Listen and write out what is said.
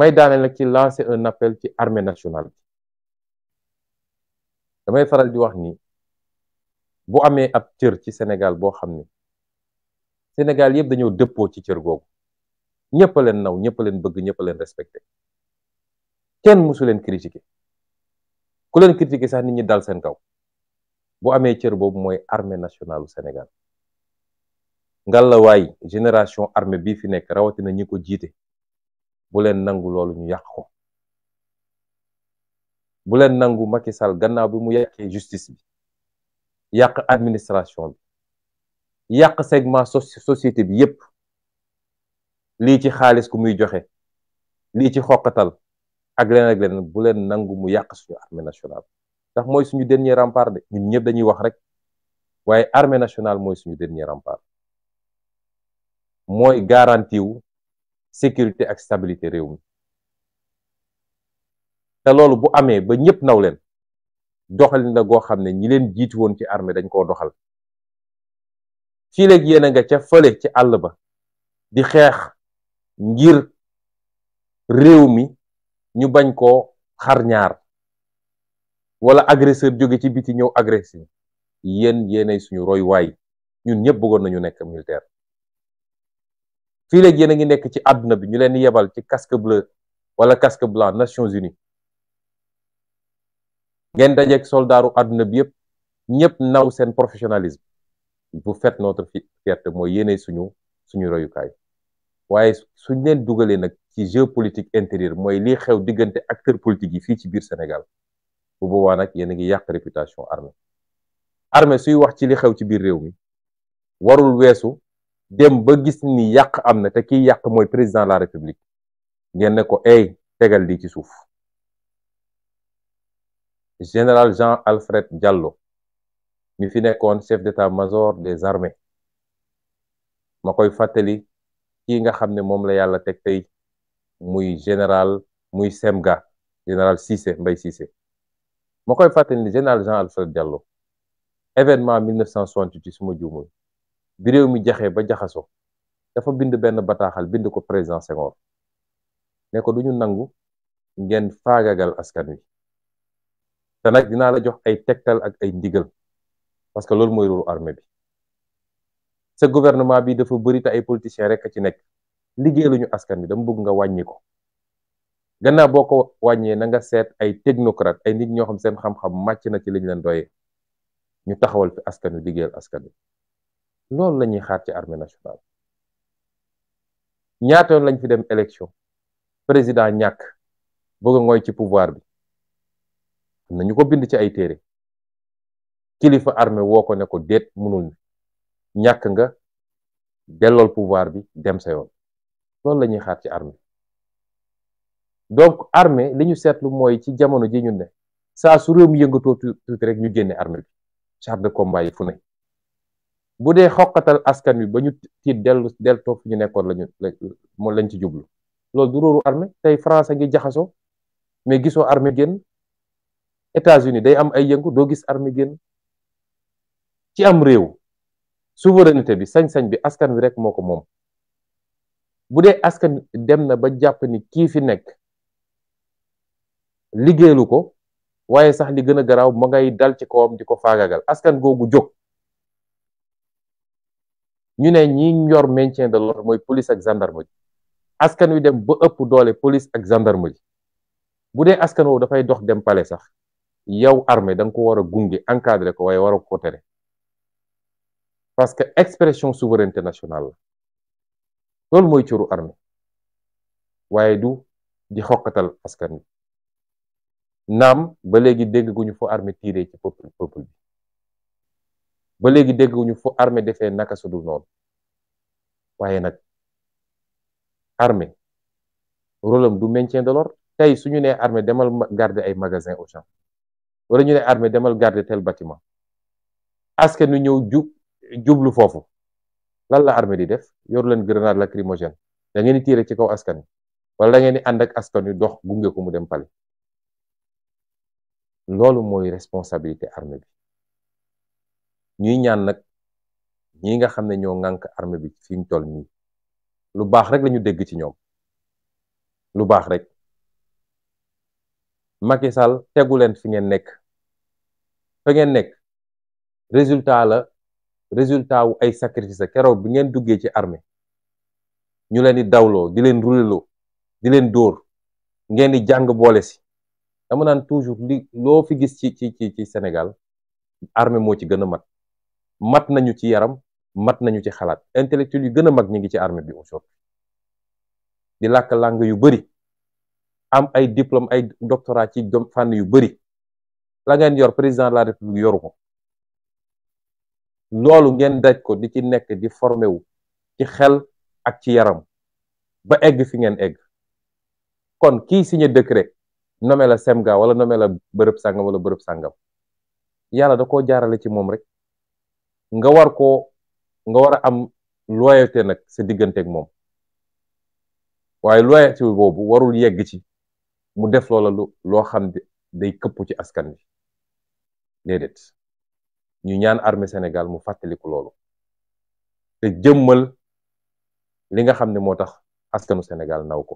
may daaneel nag ci lancer un appel ci armée nationale bi damay faral di wax ni bu amee ab cër ci senegal boo xam ne senegal yëpp dañoo dëppoo ci cër googu ñëpp leen naw ñëpp leen bëgg ñëpp a leen respecté kenn mësu leen critiqué ku leen critiqué sax nit ñi dal seen kaw bu amee cër boobu mooy armée nationale Sénégal ngalla waay génération armée bii fi nekk rawatina ñi ko jiite. bu leen nangu loolu ñu yàq ko bu leen nangu Macky Sall gannaaw bi mu yàqee justice bi yàq administration bi yàq segment société bi yëpp lii ci xaalis ku muy joxe lii ci xoqatal ak leneen ak leneen bu leen nangu mu yàq suñu armée nationale ndax mooy suñu dernier rempart de ñun ñëpp dañuy wax rek waaye armée nationale mooy suñu dernier rempart mooy garanti sécurité ak stabilité réew mi te loolu bu amee ba ñëpp naw leen doxalin la goo xam ne ñi leen jiitu woon ci armée dañ koo doxal fii léegi yéen a nga ca fële ci àll ba di xeex ngir réew mi ñu bañ koo xar ñaar wala agresseur jóge ci biti ñëw agressé yéen yéenay suñu roy waay ñun ñëpp bëggoon nañu nekk militaire fii léegi yéen a ngi nekk ci àdduna bi ñu leen di yebal ci casque bleu wala casque blanc Nations Unies ngeen dajeeg soldaaru àdduna bi yëpp ñëpp naw seen professionnalisme vous faites notre fierté mooy yéene suñu suñu royukaay waaye suñ leen dugalee nag ci jeu politique intérieur mooy lii xew diggante acteur politique yi fii ci biir Sénégal bu boobaa nag yéen a ngi yàq réputation armée armée suy wax ci li xew ci biir réew mi warul weesu dem ba gis ni yàq am na te kiy yàq mooy président la république ngeen ne ko ay tegal lii ci suuf général Jean Alfred Diallo mi fi nekkoon chef d'état-major des armées ma koy fàttali kii nga xam ne moom la yàlla teg tey muy général muy semga général Cissé Mbaye Cissé ma koy fàttali ni général Jean Alfred Diallo événement 1968 su ma juumul bi réew mi jaxee ba jaxaso dafa bind benn bataaxal bind ko président Senghor ne ko du ñu nangu ngeen faagagal askan wi te nag dinaa la jox ay tegtal ak ay ndigal parce que loolu mooy rôle armée bi sa gouvernement bi dafa bëri te ay politiciens rek a ci nekk ñu askan wi dama bëgg nga wàññi ko gannaaw boo ko wàññee na nga seet ay technocrate ay nit ñoo xam seen xam-xam màcc na ci liñ leen doyee ñu taxawal fi askan wi liggéeyal askan wi loolu la ñuy xaar ci armée nationale ñaata yoon lañ fi dem élection président ñàkk bëgg a ci pouvoir bi am na ñu ko bind ci ay téere kilifa armée woo ko ne ko déet mënul ñàkk nga dellool pouvoir bi dem sa yoon loolu la ñuy xaar ci armée donc armee li ñu seetlu mooy ci jamono ji ñun ne saa su réew mi yëngatoo tuuti rek ñu génne armée bi char de combat yi fu ne bu dee xoqatal askan wi ba ñu tiit dellu del toog fi ñu nekkoon lañu moom lañ ci jublu loolu du róoru armée tey France a ngi jaxasoo mais gisoo armée génn États-Unis day am ay yëngu doo gis armée génn ci am réew souveraineté bi sañ-sañ bi askan wi rek moo ko moom bu dee askan dem na ba jàpp ni kii fi nekk liggéeyalu ko waaye sax li gën a garaaw ma ngay dal ci kawam di ko faagagal askan googu jóg ñu ne ñi yor maintien de l'ordre mooy police ak gendarmerie askan wi dem ba ëpp doole police ak gendarmerie bu dee askan woowu dafay dox dem pale sax yow armée da nga ko war a gunge encadré ko waaye wara a ko parce que expression souveraineté nationale la loolu mooy cëru armée waaye du di xoqatal askan wi naam ba léegi dégg gu ñu fa armée tiré ci peuple peuple bi ba léegi dégguñu fu armée defee naka sudul noonu waaye nag armée rôle am du maintien de l'ordre tey su ñu nee armée demal garder ay magasin au champ wala ñu ne armée demal garder tel bâtiment askan wi ñëw jublu foofu lan la armée di def yor leen grenade lacrymogène da ngeen tiire ci kaw askan wi wala dangeen ngeen di ànd ak askan wi dox gunge ko mu dem pale loolu mooy responsabilité armée bi ñuy ñaan nag ñi nga xam ne ñoo ŋànk armee bi fi mu toll nii lu baax rek lañu dégg ci ñoom lu baax rek Macky Sall tegu leen fi ngeen nekk fa ngeen nekk résultat la résultat wu ay sacrifice keroog bi ngeen duggee ci armée ñu leen di dawloo di leen ruleloo di leen dóor ngeen di jàng boole si dama naan toujours loo fi gis ci ci ci ci Sénégal armée moo ci gën a mat mat nañu ci yaram mat nañu ci xalaat intellectuel yu gën a mag ñi ngi ci armée bi aujourd'hui di làkk làng yu bëri am ay diplôme ay doctorat ci fànn yu bëri la ngeen yor président de la république yoru ko loolu ngeen daj ko di ci nekk di formé wu ci xel ak ci yaram ba egg fi ngeen egg kon kii signé dëkkre nommé la semga wala nommé la bërëb sàngam wala bërëb sàngam yàlla da koo jaarale ci moom rek nga war koo nga war a am loyauté nag sa digganteeg moom waaye loyauté boobu warul yegg ci mu def loola lu loo xam day këppu ci askan bi déedéet ñu ñaan armée senegal mu fàttaliku loolu te jëmmal li nga xam ne moo tax askanu senegal naw ko